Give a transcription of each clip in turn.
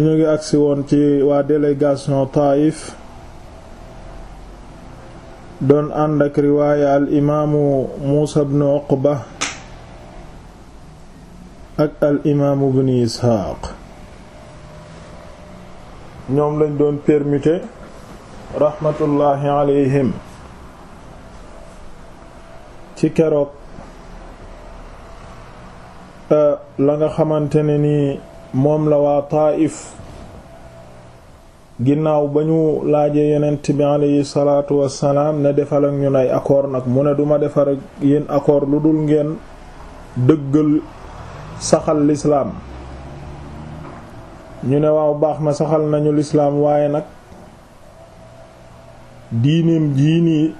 ñu ngi agsi woon ci waa délégation Taif doon ànd ak riwaaya al imaamu Muusa ibn Uqba ak al imaamu ibn Isxaaq ñoom lañ doon permuter raxmatullaahi alayhim ci keroog euh, la nga xamante nii moom la waa Taayif ginnaaw ba ñu laajee yonent bi alayhi salaatu wassalaam ne defal ak ñun ay accord nag mu ne duma defar ak yéen accord lu dul ngeen dëggal saxal lislaam ñu ne waaw baax na saxal nañu lislaam waaye nag diineem jii nii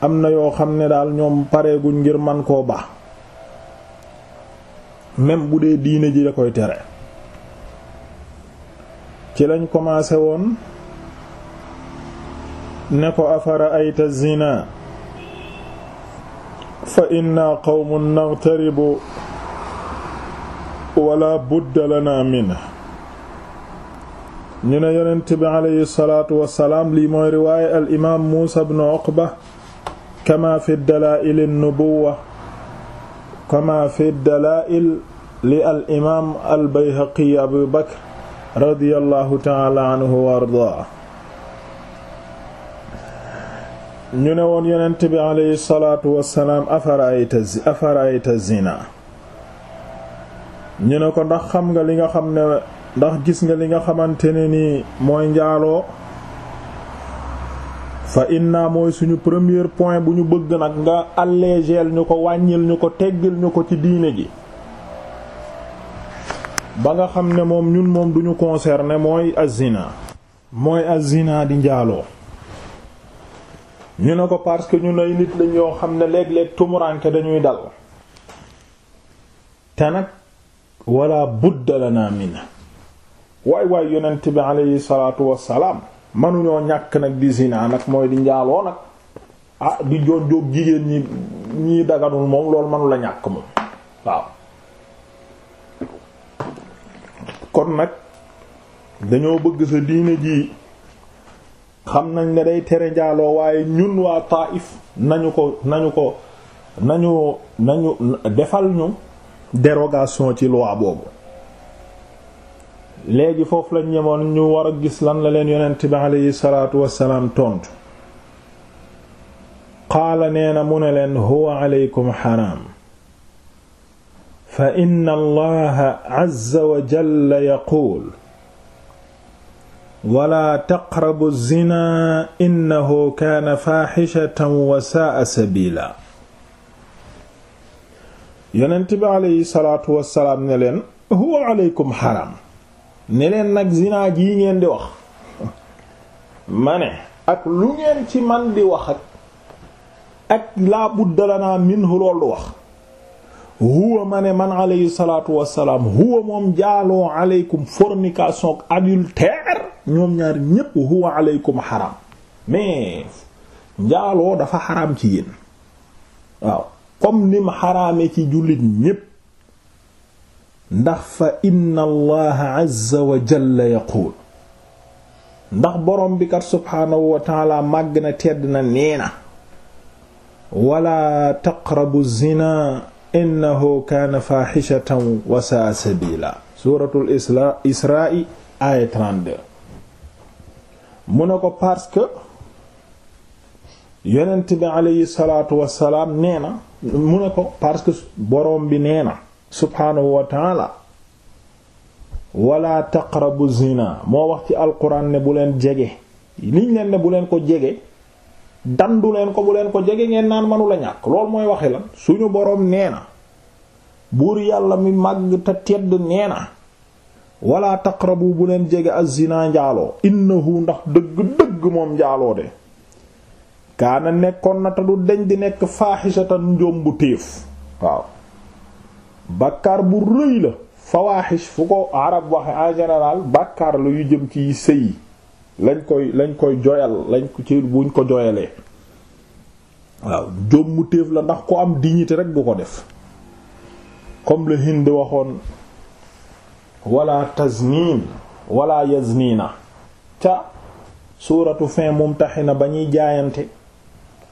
am na yoo xam ne daal ñoom pareeguñ ngir man koo baax même bu dee diine ji ci lañ commencé woon ne ko afara ayta zina fa inna qawmun nagtaribu wala budda lana min ñu ne yonent bi alayhi salaatu wassalaam lii mooy riwaaya al imaam muusa bnu uqba kama fi dalaa'il an-nubuwwa kama fi dalaa'il li al imaam al bayhaqi abu bakr radiyallahu taala anhu wa ardaa ñu ne woon yonent bi alayhi salaatu wassalaam afara'ayta afara'ayta ñu ne ko ndax xam nga li nga xam ne ndax gis nga li nga xamante ne nii mooy njaaloo fa inna mooy suñu premier point bu ñu bëgg nag nga allégeel ñu ko wàññil ñu ko teggil ñu ko ci diine ji ba nga xam ne moom ñun moom duñu concerné mooy azina mooy azina di njaaloo ñu ne ko parce que ñu ay nit lañ yoo xam ne léeg-léeg tumuranke dañuy dal te nag wala budda lana min waay waay yonent bi aleyhi salaatu wassalaam manuñoo ñàkk nag di zina nag mooy di njaaloo nag ah di joon jóg jigéen ñi ñi daganul moom loolu manu la ñàkk moom waaw kon nag dañoo bëgg sa diine ji xam nañ ne day tere njaaloo waaye ñun waa Taif nañu ko nañu ko nañu nañu defal ñu dérogation ci loi boobu léegi foofu lañ ñemoon ñu war a gis lan la leen yonent bi aleyhi salaatu tontu qaala nee na mu ne leen huwa aleykum xaraam fa inna wala taqrabu zina innahu kaana faaxishatan wa sa'a sabila yonent bi aleyhi salaatu wassalaam ne leen ne leen nag zinaa gi ngeen di wax ma ne ak lu ngeen ci man di wax ak ak laa budda lanaa minhu loolu wax huwa ma ne man alayhi salaatu wassalaam huwa moom jaaloo aleykum fornication ak adultère ñoom ñaar ñépp huwa aleykum xaram mais njaaloo dafa xaram ci yéen waaw comme nim xaraame ci jullit ñépp ndax fa inna allaha azza wa jalla yaquul ndax borom bi kat subhaanahu wa taala màgg na tedd na nee na wala taqrabu zina innahu kaana faaxishatan wa saa sabila suratul isra isra'i aya 32 mu ne ko parce que yonent bi aleyhi salaatu wassalaam nee na mu ne ko parce que borom bi nee na subhaanahu wa taala wala taqrabu zina moo wax ci alquran ne bu leen jege liñ leen ne bu leen ko jege dandu leen ko bu leen ko jege ngeen naan mënu la ñàkk loolu mooy waxi lan suñu boroom nee na buur yàlla mi mag te tedd nee na walaa taqrabu bu leen jege az-zina njaaloo innahu ndax dëgg-dëgg moom njaaloo de kaana nekkoon na te du deñ di nekk faaxisatan njombu téef waaw bàkkaar bu rëy la fawaaxis fu ko arab waxe en général bàkkaar la yu jëm ci sëy lañ koy lañ koy joyal lañ ko ci buñ ko joyalee waaw jommu téef la ndax ko am dignité rek du ko def comme le Hind waxoon wala taznin wala yaznina ca suuratu fin na ba ñuy jaayante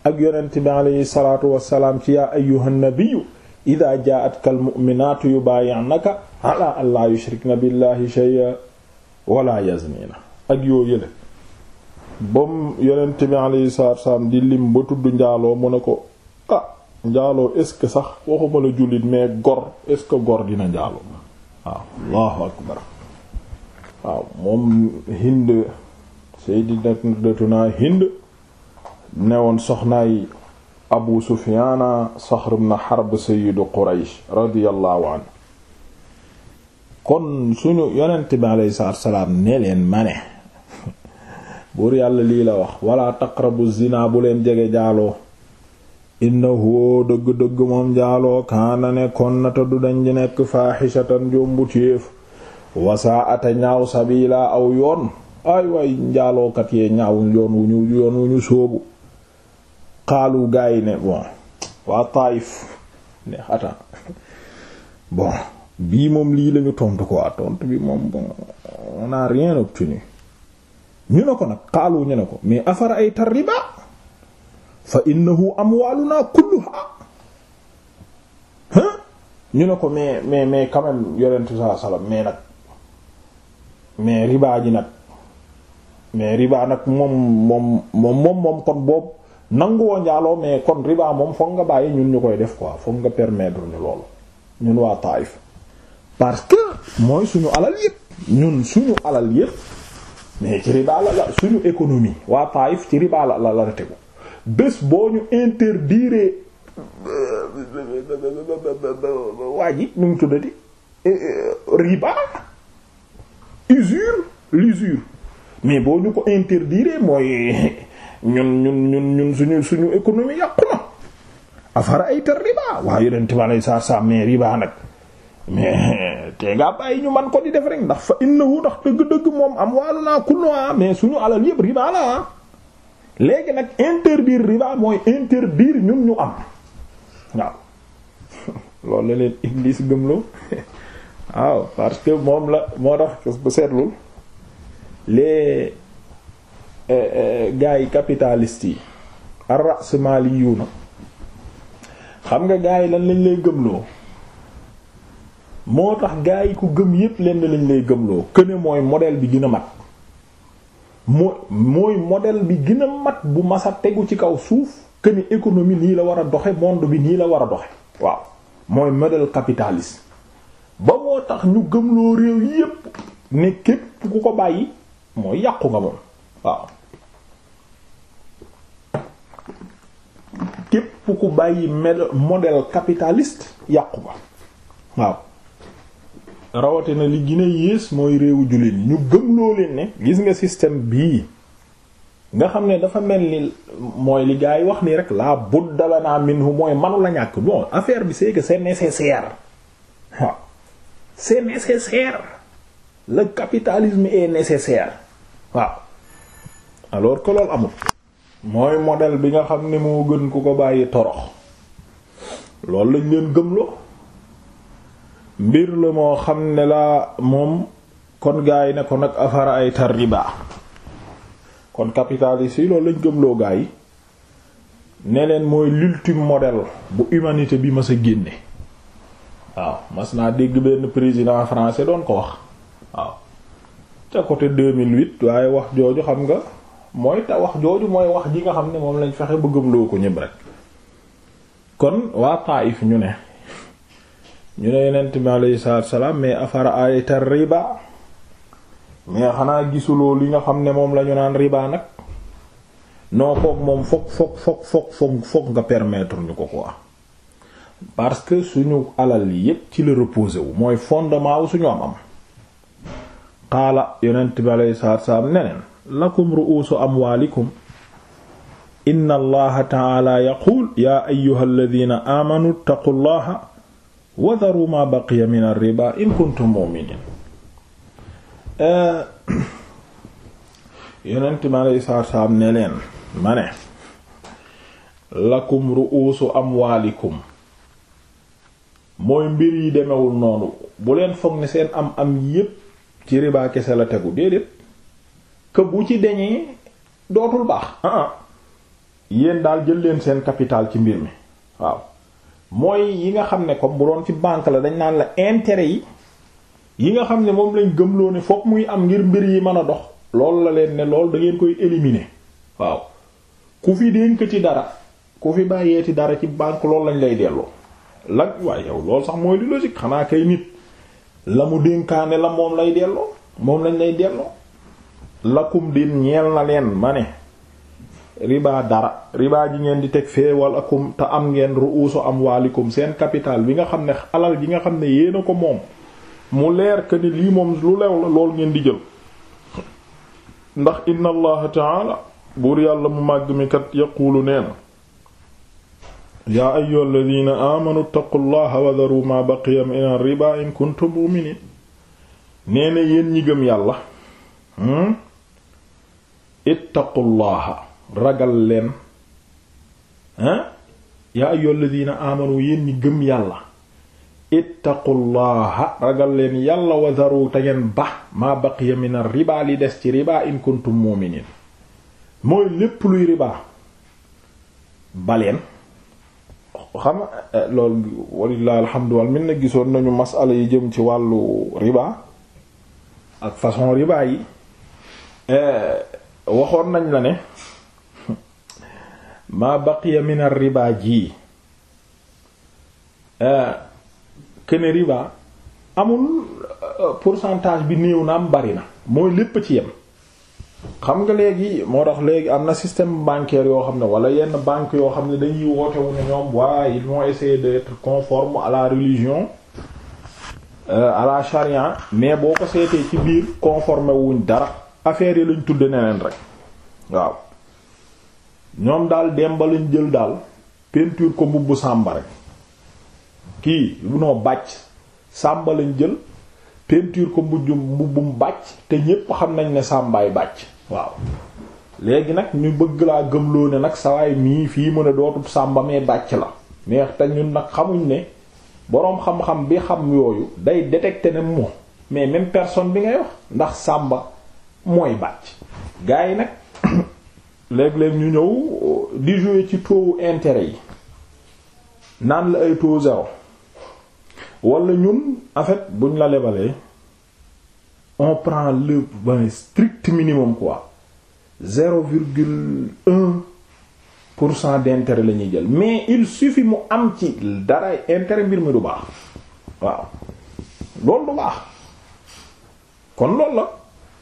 ak yonent bi aleyhi salaatu wassalaam ci yaa ayyuhan nabiyyu idaa jaa'atka al-mu'minaatu yubaayi'naka alaa allaa yushrikna billaahi shay'an walaa yazniina ak yoo yële bam yonent bi alayhi salaatu di lim ba tudd njaaloo mu ne ko ah njaaloo est sax waxuma la jullit mais gor est gor dina njaaloo waaw allahu akbar waaw moom hind sayyidatuna hind newoon soxnaay abu sufiana saxr ibn harb sayyidu quraysh radiyallahu anhu kon suñu yonent bi alayhi salaatu ne leen ma ne buur yàlla lii la wax wala taqrabu zina bu leen jege jaaloo innahu dëgg-dëgg moom jaaloo kaana ne kon nata du dañ di nekk faaxisatan jombu téef wasaa ñaaw sabiila aw yoon ay way njaalookat yee ñaaw yoon wu ñu yoon xaalu gaa yi ne bon waa Taif ne attends bon bii moom lii lañu tontu ko waa tontu bi moom bon on rien obtenu ñu ne ko nag xaalu ñu ne ko mais afara ay tar riba fa innahu amwaluna kulluha ñu ne ko mais mais mais quand même yonentu saa salaam mais nag mais ribaa ji nag mais ribaa nag moom moom moom moom kon boobu nanguwoo njaaloo mais kon riba moom foog nga bàyyi ñun ñu koy def quoi foog nga permettre ñu loolu ñun waa Taif parce que mooy suñu alal yépp ñun suñu alal yépp mais ci économie waa Taif ci riba la la boo ñu interdire euh, waa ji nu mu tuddati euh, euh, riba usure l'usure mais boo ñu ko interdire mooy ñun ñun ñun su suñu suñu économie yàqu na afara ay ta riba waaw yonente bi alei saatu salaam mais riba nag mais te ngaa bàyyi ñu man ko di def rek ndax fa innahu ndax dëgg-dëgg moom am waalu naa kulluha mais suñu alal yëpp riba la léegi nag interdire riba mooy interdire ñun ñu am waaw loolu la leen Iblis gëmloo waaw parce que moom la moo tax bu seetlul les Eh, eh, gars yi capitaliste yi ar-ra'smaliyuna xam nga gaa yi lañ lañ lay gëmloo moo tax gars yi ku gëm yépp lenn lañ lay gëmloo këne mooy modèle bi gën a mat moo mooy modèle bi gën mat bu masa tegu ci kaw suuf këne économie nii la war a doxe monde bi nii la war a doxe waaw mooy modèle capitaliste ba moo tax ñu gëmloo réew yépp ne képp ku ko bàyyi moo yàqu nga moom waaw képp ku bàyyi modèle capitaliste yàqu ba waaw rawatina li gën a yées mooy réewu jullit ñu gëm loo leen ne gis nga système bii nga xam ne dafa mel ni mooy li gars yi wax nii rek la budda lana minhu mooy manu la ñàkk bon affaire bi c'est que c'est nécessaire waaw c'est nécessaire le capitalisme est nécessaire waaw alors que loolu amul mooy modèle bi nga xam ne moo gën ku ko bàyyi torox loolu lañ leen gëmloo mbir la moo xam ne laa moom kon gaay ne ko nag afara ay tar tarriba kon capitaliste yi loolu lañ gëmloo gaay yi ne leen mooy l'ultime model bu humanité bi mas a génne waaw mas naa dégg benn président français doon ko wax waaw ca côté 2008 waaye wax jooju xam nga mooy wax jooju mooy wax ji nga xam ne moom lañ fexe bëggam loo ko ñëpp rek kon waa Taif ñu ne ñu ne yonent bi alayhi salaatu salaam mais afara ayta riba mais xanaa gisuloo li nga xam ne moom lañu ñu naan riba nag non kook moom fokk fokk fokk fokk fokk nga permettre ñu ko ko wax parce que suñu alal yépp ci la reposer wu mooy fondement wu suñu am am xaala yonent bi alayhi salaam neneen lakum ru'uusu amwaalikum inna allaha taala yaquul yaa ayyuha alladina aamanu wa daru maa baqiya min arriba in kuntum mu'minin eh, yonent ma ma ne lakum ru'uusu amwaalikum mooy mbir yi demewul noonu bu leen foog ne seen am am yépp ci riba kese la tegu déedéet que bu ci deñee dootul baax ah, ah. daal jël leen seen capital ci mbir mi waaw mooy yi nga xam ne ko bu doon fi bànk la dañ naan la intérêt yi yi nga xam ne moom lañ gëmloo ne fokk muy am ngir mbir yi mën a dox loolu la leen ne lool da koy éliminer waaw ku fi dénk ci dara ku fi bàyyeeti dara ci banque loolu lañ lay delloo la waaye yow lool sax mooy li logique xanaa kay nit la mu dénkaane la moom lay delloo moom lañ lay delloo lakum din ñeel na leen ma ne riba dara riba ji ngeen di teg fee te am ngeen ru'uusu amwaalikum seen capital bi nga xam ne alal ji nga xam ne yéen ko moom mu leer que ni lii moom lu lew la lool ngeen di jël ndax inna allaha taala buur yàlla mu màgg mi kat yaquulu nee na yaa ayyuha alladina aamanu ttaqu llaha wa daru ma baqiya min ar riba in kuntum mu'minin nee na yéen ñi gëm yàlla hmm? ittaqullaha ragal leen hein yaa ayyuhal ladina amanu yéen ñi gëm yàlla ittaqullaha ragal leen yàlla wa dharu ngeen ba maa baqiya min ar-riba li des ci riba in kuntum mu'minin mooy lépp luy riba baleen xam eh, loolu walilahi alhamdu wal na gisoon nañu masala yi jëm ci wàllu riba ak façon riba yi eh, waxoon nañ la ne ma baqiya min ar-riba ji kene euh, riba amul euh, pourcentage bi néew na am bari na mooy lépp ci yem xam nga léegi moo tax léegi am na système bancaire yoo xam ne wala yenn banque yoo xam ne dañuy woote wu ne ñoom waaye ils vont essayer d'être conforme à la religion euh, à la charia mais boo ko seetee ci biir conformé wuñ dara affaire yi lañ tudde neneen rek waaw ñoom daal demba lañ jël daal peinture ko mbubb sàmba rek kii noo bàcc sàmba lañ jël peinture ko mbujj mbubbum bàcc te ñépp xam nañ ne sàmbaay bàcc waaw léegi nag ñu bëgg laa gëmloo ne nag sawaay mii fii mën a dootub sàmba mee bàcc la neex te ñun nag xamuñ ne boroom xam-xam bi xam yooyu day détecter ne moom mais même personne bi ngay wax ndax sàmba mooy bàcc gars yi nag léeg-léeg ñu ñëw di jouer ci taux intérêt yi naan la ay taux zéro wala ñun en fait buñ la lebalee on prend le ben strict minimum quoi zéro virgule un pour cent d'intérêt la ñuy jël mais il suffit mu am ci dara intérêt mbir mi du baax waaw loolu du baax kon loolu la.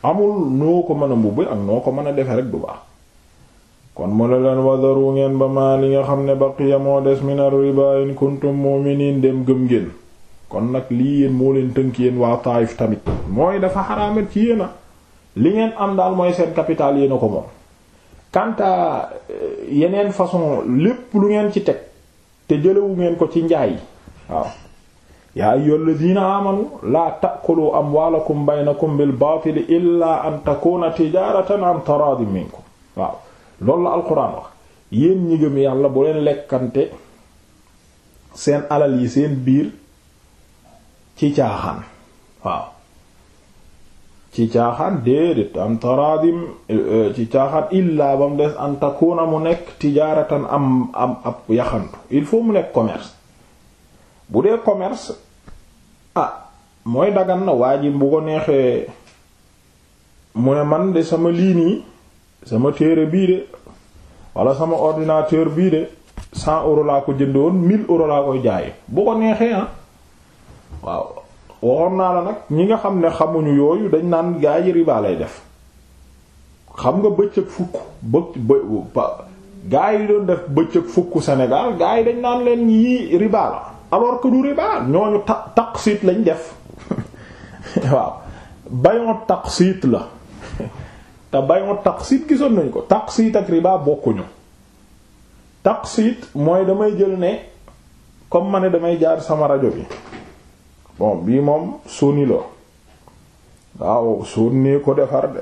amul noo ko mën a mbubb ak noo ko mën a defe rek du baax kon mu ne leen wadaru ngeen ba maa li nga xam ne baqiya moo des min ar-riba in kuntum mu'minin dem gëm ngeen kon nag lii yéen moo leen tënk yéen waa Taayif tamit mooy dafa xaraamat ci yéen a li ngeen am daal mooy seen capital yéen ko moom quant eh, yeneen façon lépp lu ngeen ci teg te jëlewu ngeen ko ci njaay waaw yaa ayyuhal ladina amanu laa ta'kulu amwaalakum baynakum bil baatili illaa an takuna tijaaratan waaw loolu la alquran wax yéen ñi yàlla bu leen lekkante seen alal yi seen biir ci caaxaan waaw ci caaxaan déedéet an taradim euh, ci caaxaan illaa ba mu des an takuna mu nekk tijaaratan am am ab yaxantu il faut mu nekk commerce bu dee commerce ah mooy dagan na waa ji bu ko neexee mu ne man de sama lii nii sama téere bii de wala sama ordinateur bii de cent euro laa ko jënd woon euro laa koy jaaye bu ko neexee ah waaw waxoon naa la nag ñi nga xam ne xamuñu yooyu dañ naan gaa yi riba def xam nga bëccëg fukk bë gaa yi doon def bëccëg fukk senegaal gaa yi dañ naan leen yii riba alors que du riba ñooñu ta siit lañ def waaw bayon siit la te bayon taqsiit gisoon nañ ko takk siit ak riba bokkuñu siit mooy damay jël ne comme ma ne damay jaar sama rajo bi bon bii moom Sony la waaw Sony ko defar de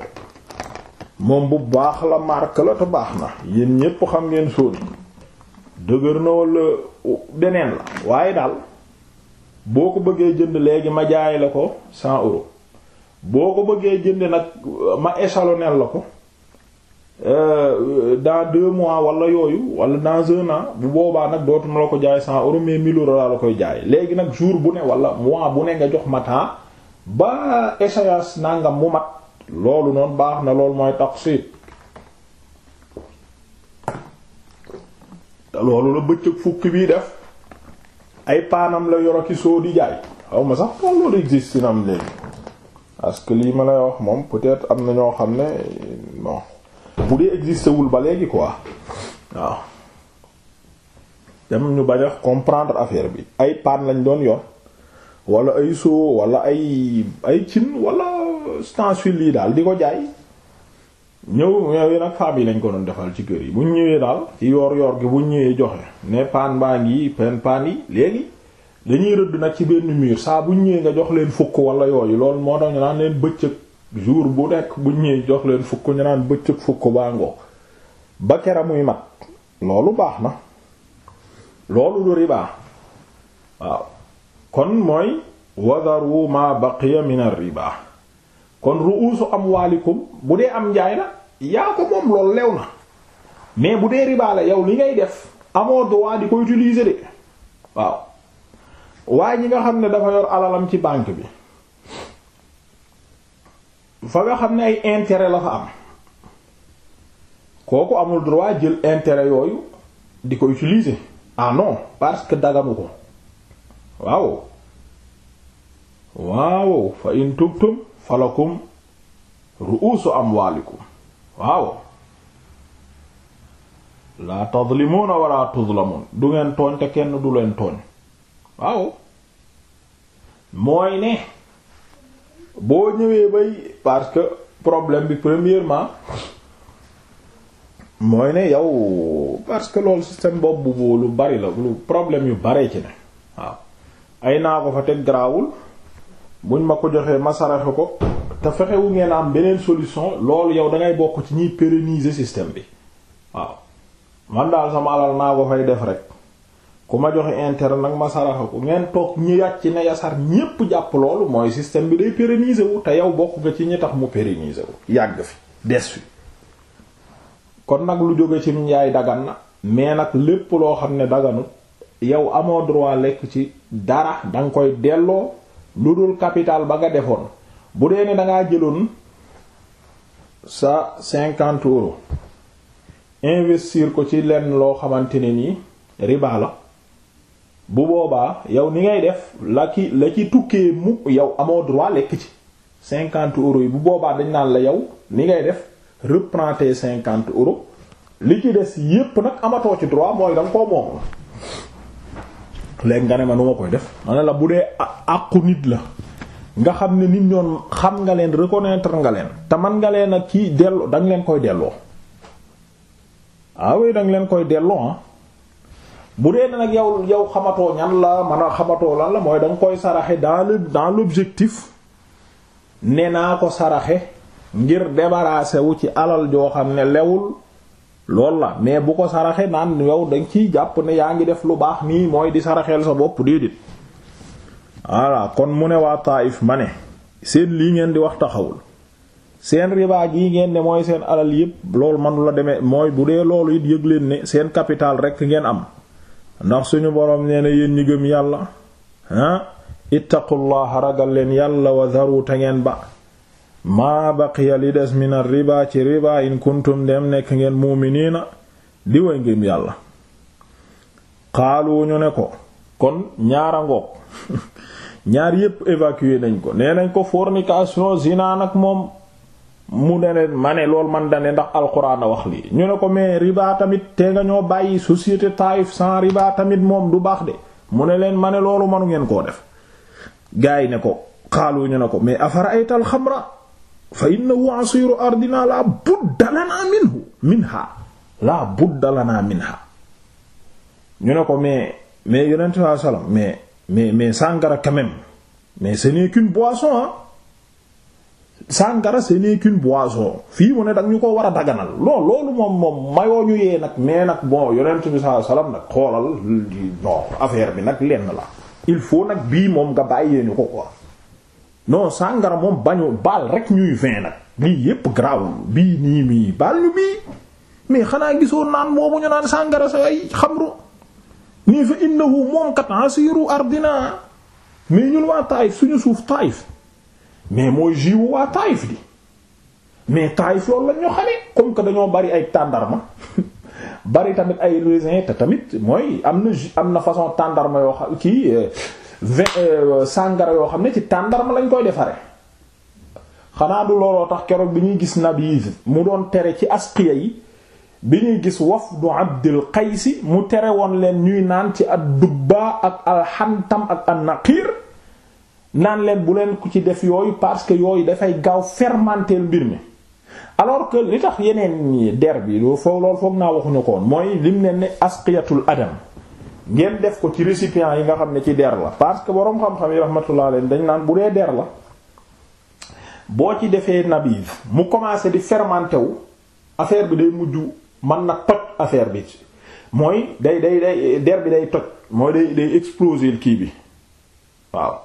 moom bu baax la marque la te baax na yéen ñépp xam ngeen Sony dëgër na walla beneen la waaye daal boo ko bëggee jënd léegi ma jaay la ko cent euros boo ko bëggee jënd nag ma échelonner la ko euh, dans deux mois wala yooyu wala dans un an bu boobaa nag dootuma la ko jaay cent euros mais mille laa la koy jaay léegi nag jour bu ne wala mois bu ne nga jox ma temps ba échéance nangam mu mat loolu noonu baax na loolu mooy taqsit te loolu la bëccëg fukki bii def ay paanam la yoro ki di jaay xaw ma sax kon loolu existe léegi parce que lii ma lay wax moom peut-être am na ñoo xam ne bon bu dee existé wul ba léegi quoi waaw dem ñu bañ a comprendre affaire bi ay paan lañ doon yor wala ay soo walla ay ay cin wala stencil yi daal di ko jaay ñëw yi nag femmes yi lañ ko doon defal ci kër yi bu buñ ñëwee daal ci yoor yoor gi buñ ñëwee joxe ne paan baa ngi pen paan yi léegi dañuy rëdd nag ci benn miir saa buñ ñëwee nga jox leen fukk wala yooyu loolu moo tax ñu naan leen bëccëg jour bu nekk buñ ñëwee jox leen fukk ñu naan bëccëg fukk baa ngoo ba kera muy mat loolu baax na loolu du ribaa waaw kon mooy wadaru ma baqiya min ar-riba kon ru'usu amwaalikum bu dee am njaay la yaa ko moom loolu lew na mais bu dee riba la yow li ngay def amoo droit di ko utiliser de waaw nga xam ne dafa yor alalam ci banque bi fa nga xam ne ay intérêt la fa kooku amul droit jël intérêt yooyu di ko utiliser ah parce que daganu ko waaw fa in tubtum falakum ru'uusu amwaalikum waaw laa tadlimuuna wala tudlamuun du ngeen tooñ te kenn du leen tooñ waaw mooy ne boo ñëwee bay parce que problème bi premièrement mooy ne yow parce que loolu système boobu bu lu bari la lu problème yu baree ci ne waaw ay naa ko fa teg garaawul buñ ma ko joxee ma saraxe ko te fexewu ngeen am beneen solution loolu yow da ngay bokk ci ñuy pérenniser système bi waaw man daal sama alal naa ko fay def rek ku ma joxe intérêt nag ma saraxa ko ngeen toog ñu yàcc ne yasar ñépp jàpp loolu mooy système bi day pérenniser wu te yow bokk nga ci ñi tax mu pérenniser wu yàgg fi des fi kon nag lu jóge ci njaay dagan na mais nag lépp loo xam ne daganu yow amoo droit lekk ci dara danga koy delloo lu dul capital ba nga defoon bu dee ne dangaa jëloon sa cinquante euros investir ko ci lenn loo xamante ne nii riba la bu boobaa yow ni ngay def la ki la ci tukkee mu yow amoo droit lekk ci cinquante euros yi bu boobaa dañ naan la yow ni ngay def reprendre cinquante euros li ci des yépp nag amatoo ci droit mooy danga koo moom léegi nga ne ma koy def ma la bu dee àqu nit la nga xam ne nit ñoon xam nga leen reconnaître nga leen te man nga leen a kii delloo danga leen koy delloo ah oui leen koy delloo ah bu dee nag yow yow xamatoo ñan la man a xamatoo lan la mooy danga koy saraxe dans le objectif ne naa ko saraxe ngir débarrasser wu ci alal joo xam ne lewul loolu la mais bu ko saraxee naan yow danga ciy jàpp ne yaa ngi def lu baax nii mooy di saraxeel sa bopp déedéet voilà kon mu ne waa Taif ma ne seen lii ngeen di wax taxawul seen riba gii ngeen ne mooy seen alal yépp loolu manu la demee mooy bu dee loolu it yëg leen ne seen capital rekk ngeen am ndax suñu boroom nee na yéen ñi gëm yàlla ah ittaqullaha ragal leen yàlla wa dharu te ngeen ba maa baqiya li des min riba ci riba in kuntum dem nekk ngeen muuminiina di way ngim yàlla xaalu ñu ne ko kon ñaara ngoog ñaar yépp évacué nañ ko nee nañ ko soo zina nag moom mu ne leen ma ne lool man dane ndax alxuraan a wax lii ñu ne ko mais riba tamit te nga ñoo bàyyi société taif sans riba tamit moom du baax de mu ne leen ma ne loolu manu ngeen koo def gars ne ko xaalu ñu ne ko mais afara aytal xamra fa innahu asiru ardina la budda lana minhu minha la budda lana minha ñu ne ko mais mais yonente saa mais mais mais sàngara quand mais ce n'est qu'une boisson ah sàngara ce n'est fii mu ne dag ñu ko war a daganal lool loolu moom moom mayoo ñu yee nag mais nag bon yonent bi saa salaam nag xoolal non bi nag lenn la il faut nag bii moom nga bàyyee ñu ko quoi non sàngara moom bañu baal rek ñuy vin nag bii yépp garaawul bii nii mii baal ñu bii mais xanaa gisoo naan moomu ñu naan sàngara sax ay xamru nii fa innahu moom kat asiru ardina mais ñun waa Taayif suñu suuf Taayif mais mooy jiwu waa Taayif di mais Taayif loolu la ñu comme que dañoo bari ay tàndarma bari tamit ay raisin te tamit mooy am na am na façon tàndarma yoo xam kii euh, vingt euh, sàngara yoo xam ne ci tàndarma lañ koy defaree xanaa du looloo tax keroog bi ñuy gis nabiz mu doon tere ci asqiya yi bi ñuy gis wafdu Abdul Qays mu tere woon leen ñuy naan ci ad-dubba ak alxantam ak an naan leen bu leen ku ci def yooyu parce que yooyu dafay gaaw fermenter mbir mi alors que li tax yeneen der bi loo foog naa waxuñu ko mooy lim leen ne asqiyatul adam ngeen def ko ci récipient yi nga xam ne ci der la parce que boroom xam-xam yi rahmatullah alayhi dañ naan bu dee der la boo ci defee nabiz mu commencé di fermenté wu affaire bi day mujj man na toj affaire bi mooy day day der bi day toj mooy day day exploser kii bi waaw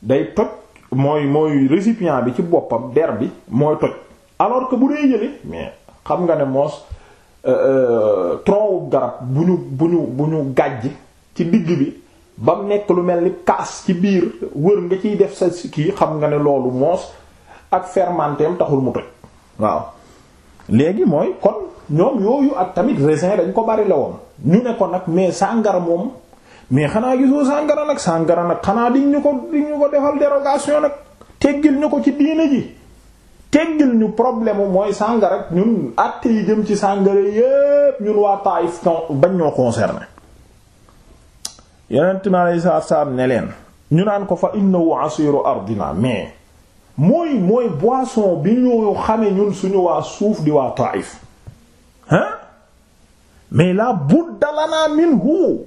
day toj mooy mooy récipient bi ci boppam der bi mooy toj alors que bu dee jële mais xam nga ne moos Euh, euh, tronc garab bu ñu bu ñu bu ñu gàjj ci digg bi ba mu nekk lu mel ni kaas ci biir wër nga ciy def sa yi xam nga ne loolu moos ak fermenté taxul mu toj waaw léegi mooy kon ñoom yooyu ak tamit raisin dañ ko bari la woon ñu ne ko nag mais sàngara moom mais xanaa gisoo sàngara nag sàngara nag xanaa diñ ñu ko diñ ñu ko defal dérogation nag teggil ñu ko ci diine ji teggil ñu problème mooy sàngara rek ñun àtte jëm ci sàngara ñun waa Taayif bañ ñoo concerné yeneen mi aleyhi salaatu salaam ne leen ñu naan ko fa innahu asiru ardina mais mooy mooy boisson bi ñu xame ñun suñu waa suuf di waa Taayif hein mais la budda lana minhu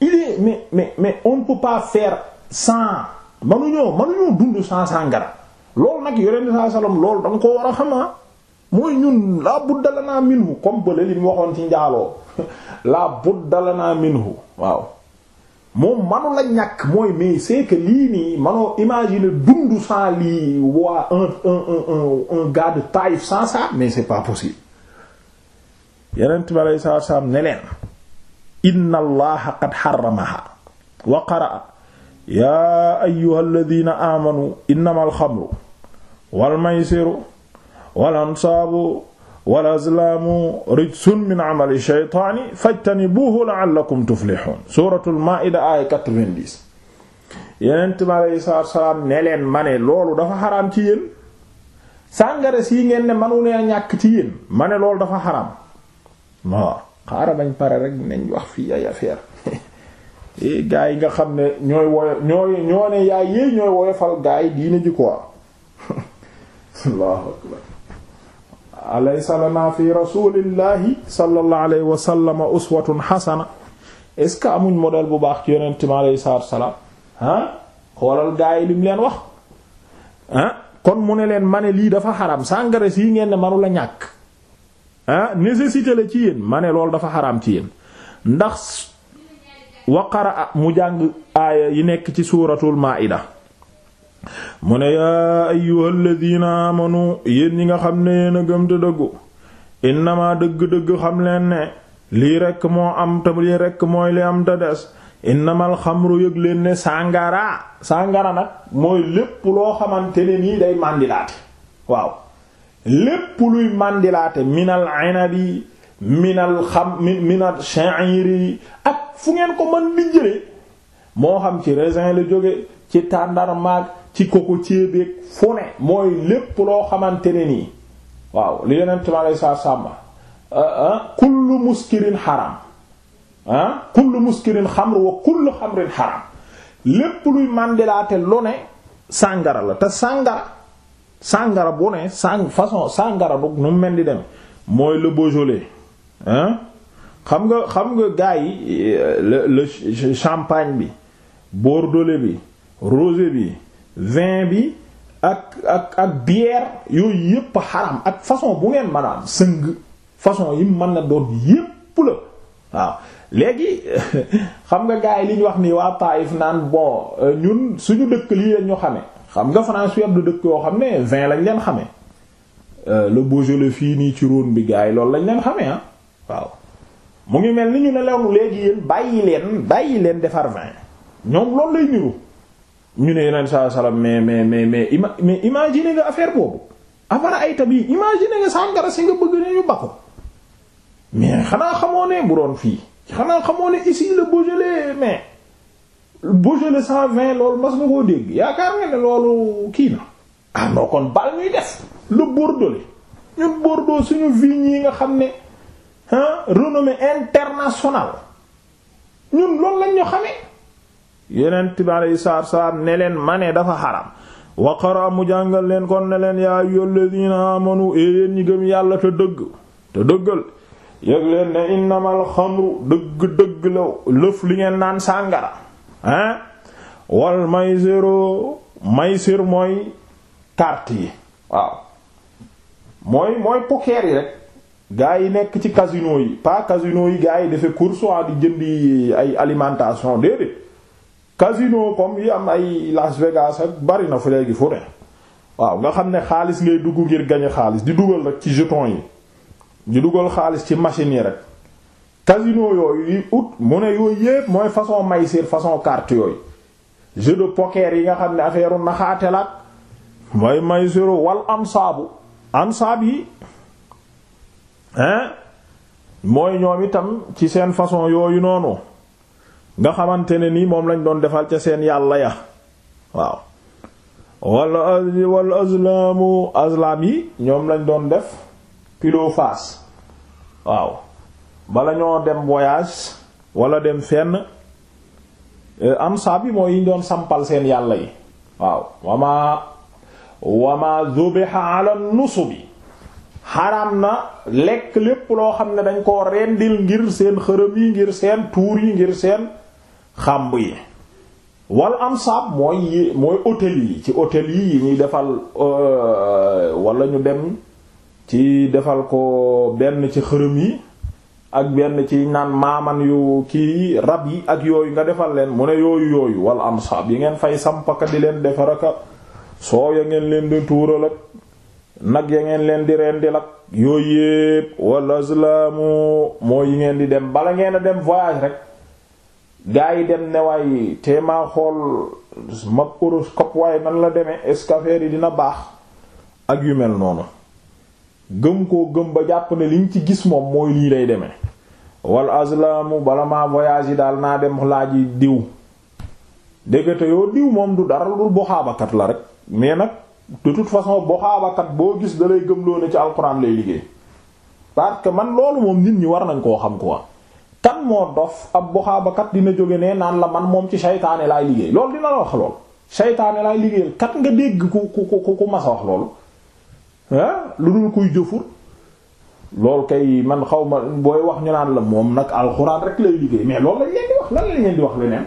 il est mais mais mais on ne peut pas faire sans manuñoo manuñoo dund sans sàngara loolu nag yonent saa loolu da nga koo war a xamaa ah. mooy ñun laa buddala naa minhu comme bële mu waxoon ci njaaloo laa buddala naa minhu waaw moom manu la ñàkk mooy mais c'est que lii nii manoo imaginer dundu sans lii waa un un un un gars de mais c'est pas possible yeneen bi aleyi salatu salaam ne leen inna allaha qad xaramaha wa qaraa yaa ayyuha alladina amanu innama alxamru wal maysiru wal ansaabu wal azlaamu rijsun min amali shaytaani fajtanibuuhu la'allakum tuflixuun suuratul maa'ida aaya 90 yeneen mi aleyhi salaatu salaam ne leen ma ne loolu dafa xaraam ci yéen sàngara sii ngeen ne manu ñàkk ci yéen ma ne loolu dafa xaraam waaw xaaral bañ pare rek nañ wax fii ay affaire eh, gaa yi nga xam ne ñooy woyo ñooy ñoo ñooy woyofal gaa yi diine ji quoi allahu akbar alaysa lana fi rasulillahi sallallahu alayhi wa sallam uswatun xasana est-ce que amuñ modèle bu baax ci yonent mi alayhi salaatu wa salaam xoolal gaa yi lim leen wax ah kon mu ne leen ma ne lii dafa xaram sàngara sii ngeen ne manu la ñàkk ah nécessité la ci yéen ma ne loolu dafa xaram ci yéen ndax waqara mu jàng aaya yi nekk ci suuratul maa'ida mu ne yaa ayyuhal ladina amanu yéen ñi nga xam ne yéen a gëm te dëggu innama dëgg-dëgg xam leen ne lii rekk moo am te lii rekk mooy li am te des innamal xamru yëg leen ne sàngara sàngara nag mooy lépp loo xamante ne nii day màndilaate waaw lépp luy màndilaate minal inabi minal xam minal sha'iri ak fu ngeen ko mën di jëlee moo xam ci raisin la jóge ci tàndarmaag ci koko ceebeeg fu ne mooy lépp loo xamante ne nii waaw li yeneen ma lay saa sàmm kullu muskirin xaram ah, ah kullu muskirin ah, xamr wa kullu xamrin xaram lépp luy màndilaate lu ne sàngara la te sàngara sàngara bu ne sàng façon sàngara dug nu mel di dem mooy le Beaujolais hein ah, xam nga xam nga gars yi le le champagne bi bordelais bi rosé bi vin bi ak ak ak bière yooyu yépp xaram ak façon bu ngeen mën a sëng façon yi mën na doon yépp la waaw léegi xam nga gars yi li ñu wax nii waa Taïf naan boo euh, ñun suñu dëkk lii la ñu xamee xam nga France web du dëkk yoo xam ne vin lañ leen xamee euh, le Beaujolais fii nii ci Rhône bi gars yi loolu lañ leen xamee ah waaw mu ngi mel ni ñu ne leen léegi yéen bàyyi leen bàyyi leen defar vin ñoom loolu lay niru. ñu ne yeneen saa salaam mais mais mais mais ima mais imaginer nga affaire boobu afara ay tabi imaginer nga sàngara si nga bëgg ne ñu bako mais xanaa xamoo ne bu doon fii xanaa xamoo ne la le Beaujolais mais bu Beaujolais cent vingt loolu mas nga koo dégg yaakaar nga ne loolu kii na ah non kon bal ñuy def le Bordeaux ñun Bordeaux suñu vignes yi nga xam ne ah renommée internationale ñun loolu lañ ñu xamee. yeneen bi alayhi salaatu salaam ne leen ma ne dafa xaram wa mu jàngal leen kon ne leen yaa ayyuhal ladina amanu yéen ñi gëm yàlla te dëgg te dëggal yëg ne innamal xamru dëgg dëgg la lëf li ngeen naan sàngara hein wal maysiru maysir mooy carte yi waaw mooy mooy poker yi rek gaa yi nekk ci casino yi pas casino yi gaa yi defee course waa di jëndi ay alimentation déedéet casino comme yi am ay Las Vegas ak bari na fu léegi fu ne waaw nga xam ne xaalis ngay dugg ngir gañe xaalis di dugal rek ci jeton yi di dugal xaalis ci machine yi rek casino yooyu yi ut mu ne yooyu yépp mooy façon maysir façon carte yooyu jeu poker yi nga xam ne affaire naxaate la mooy maysir wal ansaabu ansaab yi hein mooy ñoom itam ci seen façon yooyu noonu nga xamante ne nii moom lañ doon defal ca seen yàlla ya waaw wala wala azlamu yi ñoom lañ doon def pilo face waaw bala ñoo dem voyage walla dem fenn eh, am saab yi mooy yi doon sampal seen yàlla yi waaw wama wama zubiha ala nusubi xaraam na lekk lépp loo xam ne dañ koo rendil ngir seen xërëm yi ngir seen tuur yi ngir seen xàmb yi wal ansaab mooy mooy hôtel yi ci hôtel yi ñuy defal euh, wala ñu dem ci defal ko benn ci xërëm yi ak benn ci naan maaman yu kii rab yi ak yooyu nga defal leen mu ne yooyu yooyu wal ansaab yi ngeen fay sampaka di leen defaraka soow ya ngeen leen di tuural ak nag ya ngeen leen di rendil ak yooyu yépp wal azlaamu mooy yi ngeen di dem bala ngeen a dem voyage rek gaa yi dem ne waaye teemaa xool mab horoscope waaye nan la demee est-ce que affaire yi dina baax ak yu mel noonu gëm koo gëm ba jàpp ne liñ ci gis moom mooy lii lay demee wal aslamu bala ma voyage yi daal naa dem laaji diw déggate yoo diw moom du dara dul boxaabakat la rek mais nag de toute façon boxaabakat boo gis dalay gëm loo ne ci alxuraan lay liggéey parce que man loolu moom nit ñi war nañ koo xam quoi kan moo dof ab buxaabakat dina jóge ne naan la man moom ci saytaane laay liggéey loolu dina la wax lool saytaane laay liggéeyal kat nga dégg ku ku ku ku mas wax loolu lu dul kuy jëfur loolu kay man xaw ma booy wax ñu naan la moom nag alxuraan rek lay liggéey mais loolu lañ leen di wax lan lañ leen di wax leneen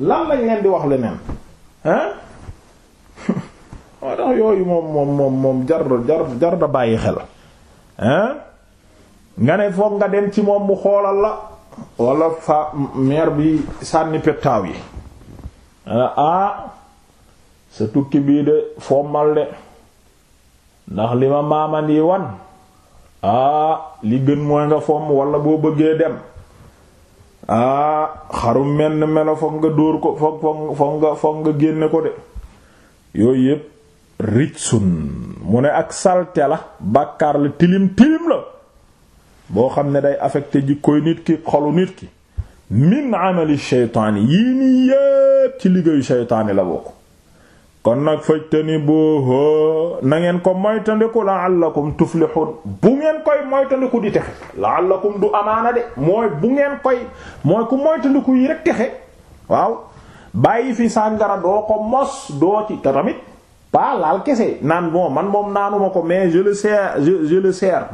lan lañ leen di wax leneen ah tax yooyu moom moom moom moom jar jar jar da bàyyi xel ah nga ne foog nga dem ci moom mu xoolal la. wala fa meer bi sànni pettaaw yi ah, ah sa tukki bii de fommal de ndax li ma maaman yi wan ah li gën mooy nga fomm wala boo bëggee dem ah xarum menn melo foog nga dóor ko foog foog nga foog nga génne ko de yooyu yépp rijsun mu ne ak salte la bàkkaar la tilim tilim la boo xam ne day affecte jikkoy nit ki xolu nit ki min amali sheytaani yii nii yépp ci liggéeyu sheytaani la bokk kon nag fajtani boo na ngeen ko moytandiku la'allakum tuflihun bu ngeen koy moytandiku di texe la'allakum du amaana de mooy bu ngeen koy mooy ku moytandiku yi rek texe waaw bàyyi fi sàngara doo ko mos doo te tamit pas laal kese naan bon man moom naanuma ko mais je le sers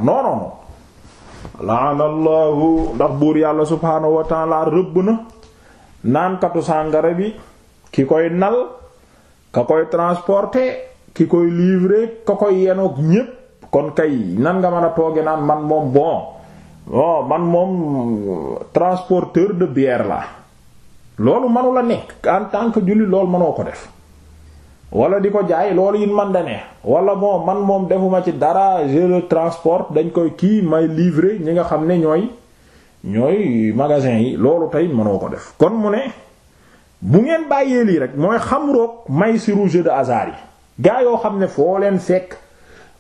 laanallahu ndax buur yàlla subhaanahu wa taala rëbb na naankatu sàngara bi ki koy nal ka koy transporter ki koy livrer ka koy yenoog ñépp kon kay nan nga man a tooge naan man moom bon bon man moom transporteur de bière la loolu mënu la nekk en tant que jullit loolu mënoo ko def wala di ko jaay loolu it man da ne wala bon man moom defuma ci dara je le transporte dañ koy kii may livrer ñi nga xam ne ñooy ñooy magasin yi loolu tey mënoo ko def kon mu ne bu ngeen bàyyee lii rek mooy xam roog may si jeu de hasard yi gaa yoo xam ne foo leen fekk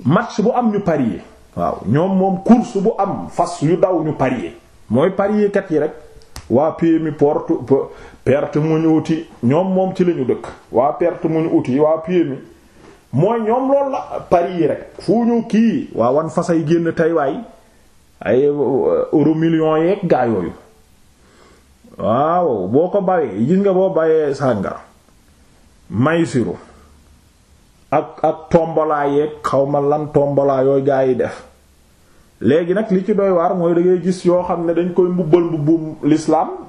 match bu am ñu parier waaw ñoom moom course bu am fas yu daw ñu parier mooy parier yi rek waa PMI porte perte mu ñu uti ñoom moom ci lañu dëkk waa perte mu ñu uti waa pied mi mooy ñoom loolu la paris yi rek fu ñu kii waa wan fasay génn tey ay euro million yeeg gaa yooyu waaw boo ko bàyyee gis nga boo bàyyee sàngara maysiru ak ak tombalaa yeeg xawma lan tombalaa yooyu gaa yi def léegi nag li ci doy waar mooy da gis yoo xam ne dañ koy mbubbal mbubbum l'islam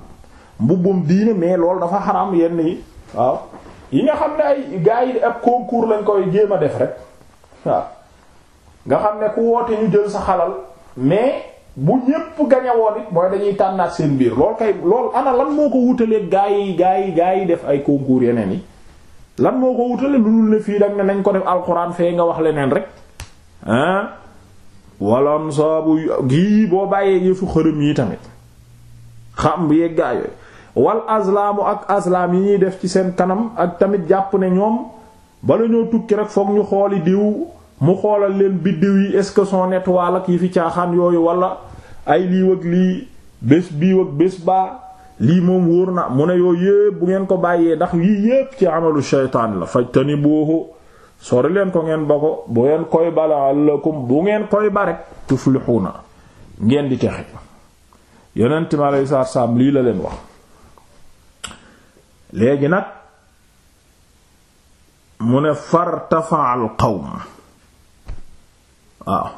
mbubbum diine mais loolu dafa xaram yenn yi waaw yi nga xam ne ay gars yi ab concours lañ koy jéem a def rek waaw nga xam ne ku woote ñu jël sa xalal mais bu ñépp gañawoon it mooy dañuy tànnaat seen biir lool kay lool ana lan moo ko wutalee gaa yi gaa yi gars yi def ay concours yeneen yi lan moo ko wutalee lu dul ne fii dag ne nañ ko def alxuraan fee nga wax leneen rek ah walan saabu gii boo bàyyee yëfu xërëm yi tamit xam bu yeggaa yooyu wal aslaamu ak aslaam yi ñuy def ci seen kanam ak tamit jàpp ne ñoom bala ñoo tukki rek foog ñu xooli diw mu xoolal leen biddiw yi est-ce que son étoile yi fi caaxaan yooyu wala ay lii ak lii bés bii ak bés ba lii moom wóor na mu ne yooyu yépp bu ngeen ko bàyyee ndax yii yépp ci amalu shaytaan la fajtani boohu sori leen ko ngeen ba ko bu ngeen koy bala lakum bu ngeen koy ba rek tuflixuuna ngeen di texe yonent mi alayhi lii la leen wax léegi nag mu ne fartafa al qawm waaw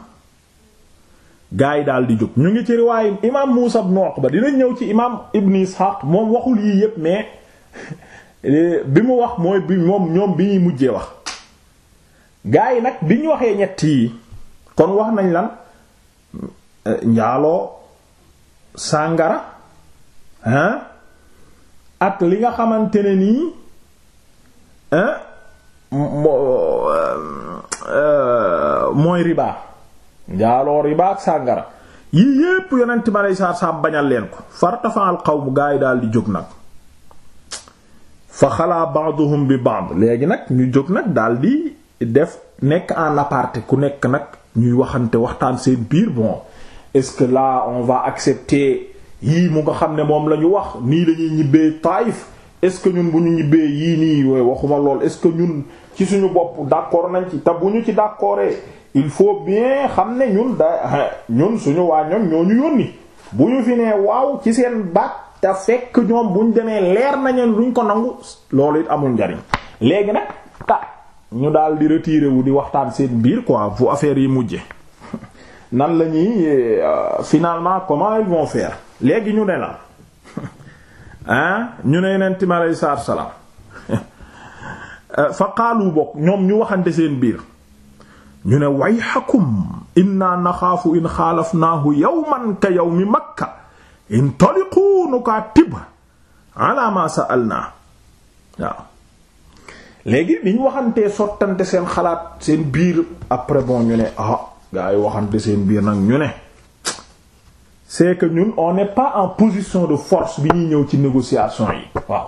gaa yi daal di jóg ñu ngi ci riwaayu imaam Muusa ibn Uqba dinañ ñëw ci imaam Ibn Ishaq moom waxul yii yépp mais bi mu wax mooy bi moom ñoom bi ñuy mujjee wax gaa yi nag bi ñu waxee ñett yi kon wax nañ lan njaaloo sàngara hein ak li nga xamante ne nii euh, mooy riba njaaloo riba ak sàngara yii yépp yonent ma lay saar saa bañal leen ko fartafaal qawmu gaa yi daal di jóg nag fa xalaa ba'duhum bi ba'd léegi nag ñu jóg nag daal di def nekk en aparté ku nekk nag ñuy waxante waxtaan seen biir bon est-ce que là on va accepter yii mu nga xam ne moom la ñu wax nii lañuy ñuy ñibbee Taïf est-ce que ñun bu ñu ñibbee yii nii waxuma lool est-ce que ñun ci suñu bopp d'accord nañ ci te bu ñu ci d'accordé il faut bien xam ne ñun da ñun suñu waa ñoom ñoo ñu yónni bu ñu fi nee waaw ci seen baat te fekk ñoom bu ñu demee leer nañu luñ ko nangu loolu it amul njariñ léegi nag te ñu daal di retirer wu di waxtaan seen biir quoi fu affaire yi mujje nan la ñuy euh, finalement comment ils vont faire léegi ñu ne la ah ñu ne yonent mi aleyhi salaatu euh, fa qaalu bokk ñoom ñu waxante seen biir ñu ne way wayhakum inna naxaafu in xaalafnaahu yawman ka yawmi makka intaliqu ka ala ma sa'alnaa waaw léegi bi ñu waxantee xalaat seen biir après bon ñu ne ah gaa yi waxante seen biir nag ñu ne c'est que ñun on n'est pas en position de force bi ñuy ñëw ci négociation yi waaw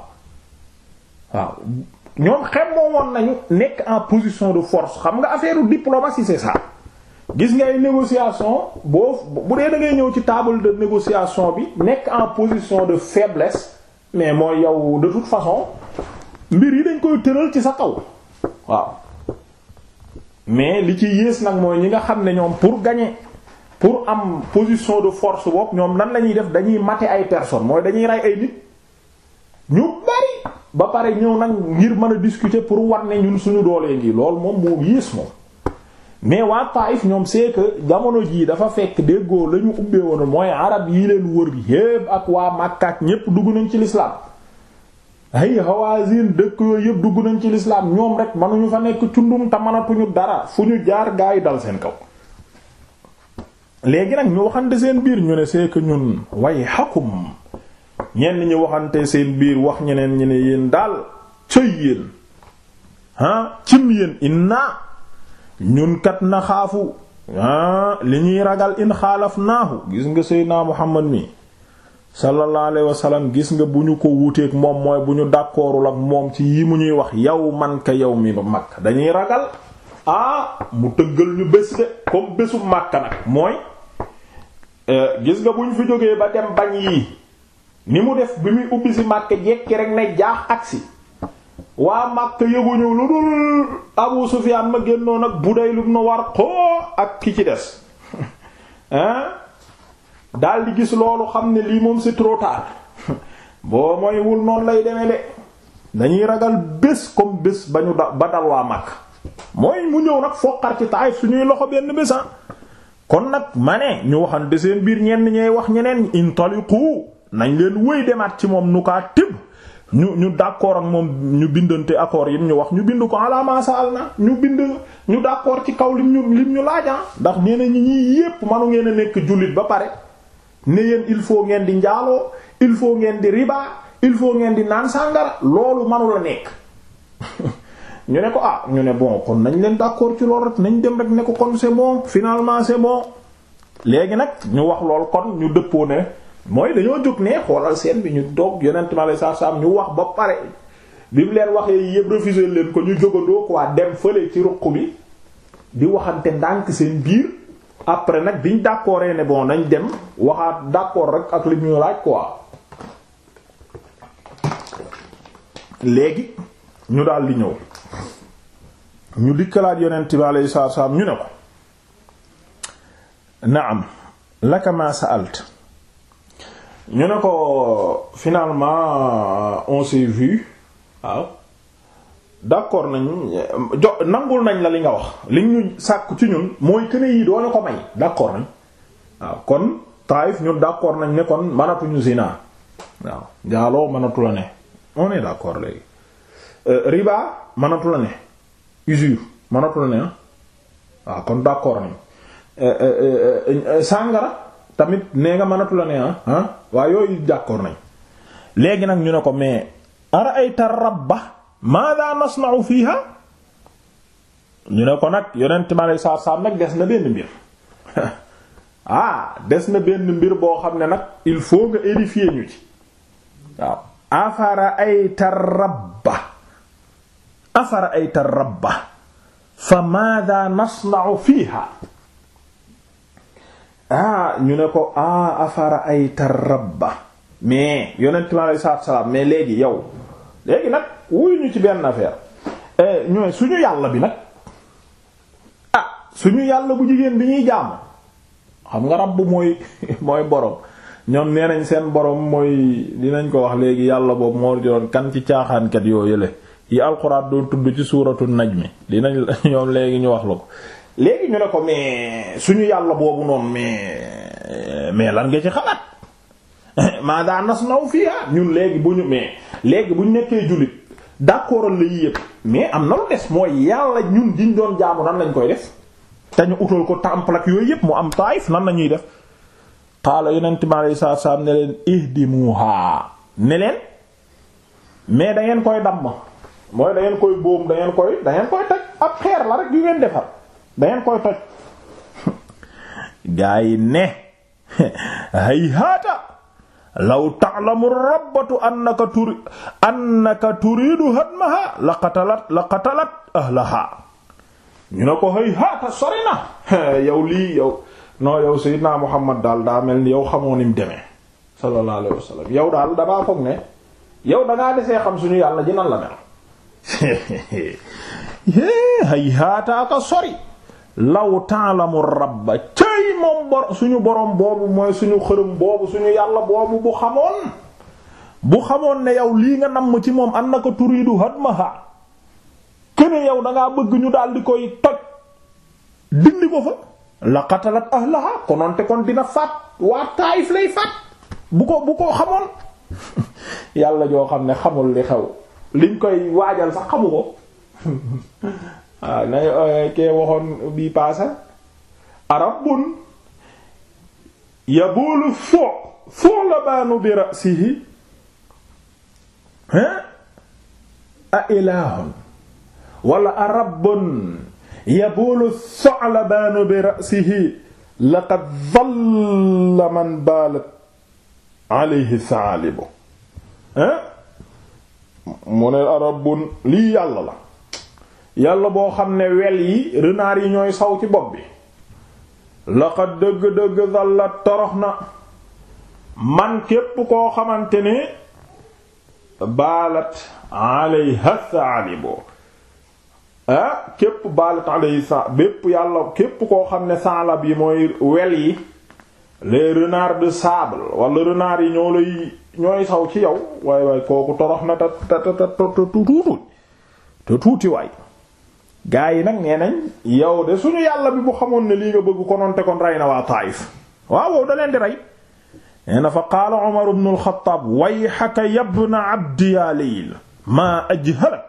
waaw ñoom xem moo woon nañu nekk en position de force xam nga affaire diplomatie c'est ça gis ngay négociation boo bu dee da ngay ñëw ci table de négociation bi nekk en position de faiblesse mais mooy yow de toute façon mbir yi dañ koy tëral ci sa kaw waaw mais li ci yées nag mooy ñi nga xam ne ñoom pour gagner pour am position de force bopp ñoom nan la ñuy def dañuy mater ay personnes mooy dañuy rey ay nit ñu bari ba pare ñëw nag ngir mën a discuter pour war ne ñun suñu doolee ngi loolu moom moo yées moom mais waa Taïf ñoom c'est jamono jii dafa fekk déggoo la ñu ubbee woon mooy arab yi leen wër yépp ak waa Makka ñépp dugg nañ ci l'islam ay Hawazin dëkk yooyu yëpp dugg nañ ci lislaam ñoom rek mënuñu fa nekk cundum tamanatuñu dara fu ñu jaar gaa yi dal seen kaw léegi nag ñu waxante seen biir ñu ne c'est que ñun way xakum ñenn ñu waxante seen biir wax ñeneen ñi ne yéen daal cëy yéen ah cim inna ñun kat na xaafu ah, li ñuy ragal in xaalaf naahu gis nga Seydina Muhammad mi sallallahu alayhi wa gis nga bu ñu ko wuuteeg moom mooy bu ñu d'accordul ak moom ci yi mu ñuy wax yow man ka yow mi Makka dañuy ragal ah mu tëggal ñu bés de comme bésu Makka nag mooy euh, gis nga bu ñu fi jógee ba dem bañ yii ni mu def bi muy ubbi si Makka jekki rek nay jaax agsi waa Makka yëguñu lu dul Abu Sufyaan ma génnoon ak Budayl ibn Warqa ak ki ci des daal di gis loolu xam ne lii moom c'est trop tard boo mooy wul noonu lay demee de dañuy ragal bés comme bés ba ñu da ba dal waa mag mooy mu ñëw nag foqar ci taay suñuy loxo benn bésan ah. kon nag ma ne ñu waxante seen biir ñenn ñey wax ñeneen intaliqu nañ leen wëy demaat ci moom nu kaa tibb ñu ñu d'accord ak moom ñu bindante accord yim ñu wax ñu bind ko alama saal na ñu bind ñu d'accord ci kaw lim ñu lim ñu laajaa ah. ndax nee na ñi ñuy yépp manu ngeen a nekk jullit ba pare ne yéen il faut ngeen di njaaloo il faut ngeen di riba il faut ngeen di naan sàngara loolu manula nekk ñu ne ko ah ñu ne bon kon nañ leen d'accord ci loolu rek nañ dem rek ne ko kon c'est bon finalement c'est bon léegi nag ñu wax lool kon ñu dëppoo ne mooy dañoo jóg ne xoolal seen bi ñu toog yonent ma lay saa saam ñu wax ba pare bi mu leen waxee yëpp refusé leen ko ñu jógandoo waa dem fële ci ruq bi di waxante ndànk seen biir. après nag biñ d'accord ne bon nañ dem waxaat d'accord rek ak li ñu laaj quoi léegi ñu daal di ñëw ñu dikkalaat yonent bi alayhi salaatu salaam ñu ne ko naam laka ma sa'alt ñu ne ko finalement on s'est vu waaw d'accord nañ jo nangul nañ la li nga wax li ñu sàkk ci ñun mooy këne yi doo ñu ko may d'accord nañ waaw kon Taïf ñun d'accord nañ ne kon mënatuñu sinaa waaw njaaloo mënatu la ne on est d'accord euh, la ne usure mënatu la ne ah. waaw d'accord nañ euh, euh, sàngara tamit nee nga mënatu la ah, ah. yooyu d'accord nañ léegi nag ñu ne ko mais ara ay tarabba maada nasna'u fiha ñu ne ko nag yonent ma lay saar saar nag des na benn mbir ah des na benn mbir boo xam ne nag il faut nga édifier ñu ci waaw afara ayta rabba afara ayta rabba fa maada nasna'u fiha ah ñu ne ko ah afara ayta rabba mais yonent ma lay saar saar mais léegi yow léegi nag wuyu ñu ci benn affaire eh, ñooy suñu yàlla bi nag ah suñu yàlla bu jigéen bi ñuy jaamu xam nga rabb mooy mooy borom ñoom nee nañ seen borom mooy dinañ ko wax léegi yàlla boobu moo doon kan ci caaxaankat yoo yële yi alxuraan doon tudd ci suuratu mi dinañ ñoom léegi ñu wax la ko léegi ñu ne ko mais suñu yàlla boobu noonu mais mais lan nga ci xalaat maada nas naw fii ah ñun léegi bu ñu mais léegi bu ñu nekkee jullit d'accordal la yii yëpp mais am na lu des mooy yàlla ñun diñ doon jaamu nan lañ koy def tañu ñu utal ko temple ak yooyu yëpp mu am taayif nan la ñuy def xaala yonent mi aleyhi salaatu salaam ne leen ihdimuha ne leen mais da ngeen koy damm mooy da koy boom da ngeen koy da ngeen koy toj ab xeer la rek yu ngeen defar da ngeen koy toj gaa yi ne hayhaata law ta'lamu rabbatu annaka turi annaka turidu hadmaha la qatalat la qatalat ahlaha ñu ne ko hëy sori na yow lii yow non yow sayyidna Muhammad daal daa mel ni yow xamoo ni mu demee sallallahu alayhi yow daal damaa foog ne yow dangaa desee xam suñu yàlla ji nan la mel hëy haataaka sori law taalamu rabba cëy moom bor suñu borom boobu mooy suñu xërëm boobu suñu yàlla boobu bu xamoon bu xamoon ne yow lii nga namm ci moom annaka turidu hadmaha kene yow dangaa bëgg ñu daal di koy toj dindi ko fa la qatalat dina faat waa taayif lay faat bu ko bu ko xamoon yàlla joo xam ne xamul li xew liñ koy waajal sax xamu ko waaw ah, na eh, kee waxoon bii paasa arabun yaboolu foo foo la baanu bi rasihi hein a ilaahun wala arabun yaboolu soo la baanu bi rasihi laqad dhalla man baalat alayhi saalibu hein mu ne arabun lii yàlla la yàlla boo xam ne wel yi renaar yi ñooy saw ci bopp bi laqad dëgg-dëgg zallat torox na man képp koo xamante ne baalat alayha saalibo ah képp baalat alayhi sa bépp yàlla képp koo xam ne saalab yi mooy wel yi les renards de sable wala renards yi ñoo lay ñooy saw ci yow waay waay kooku torox na te te te te tuuti te gaa yi nag nee nañ yow de suñu yàlla bi mu xamoon ne lii nga bëgg konoon te kon rey na waa Taayif waaw wow da leen di rey nee na fa qaala Umar ibn al-Khattab wayhaka yabna abdi ya layl maa ajhalak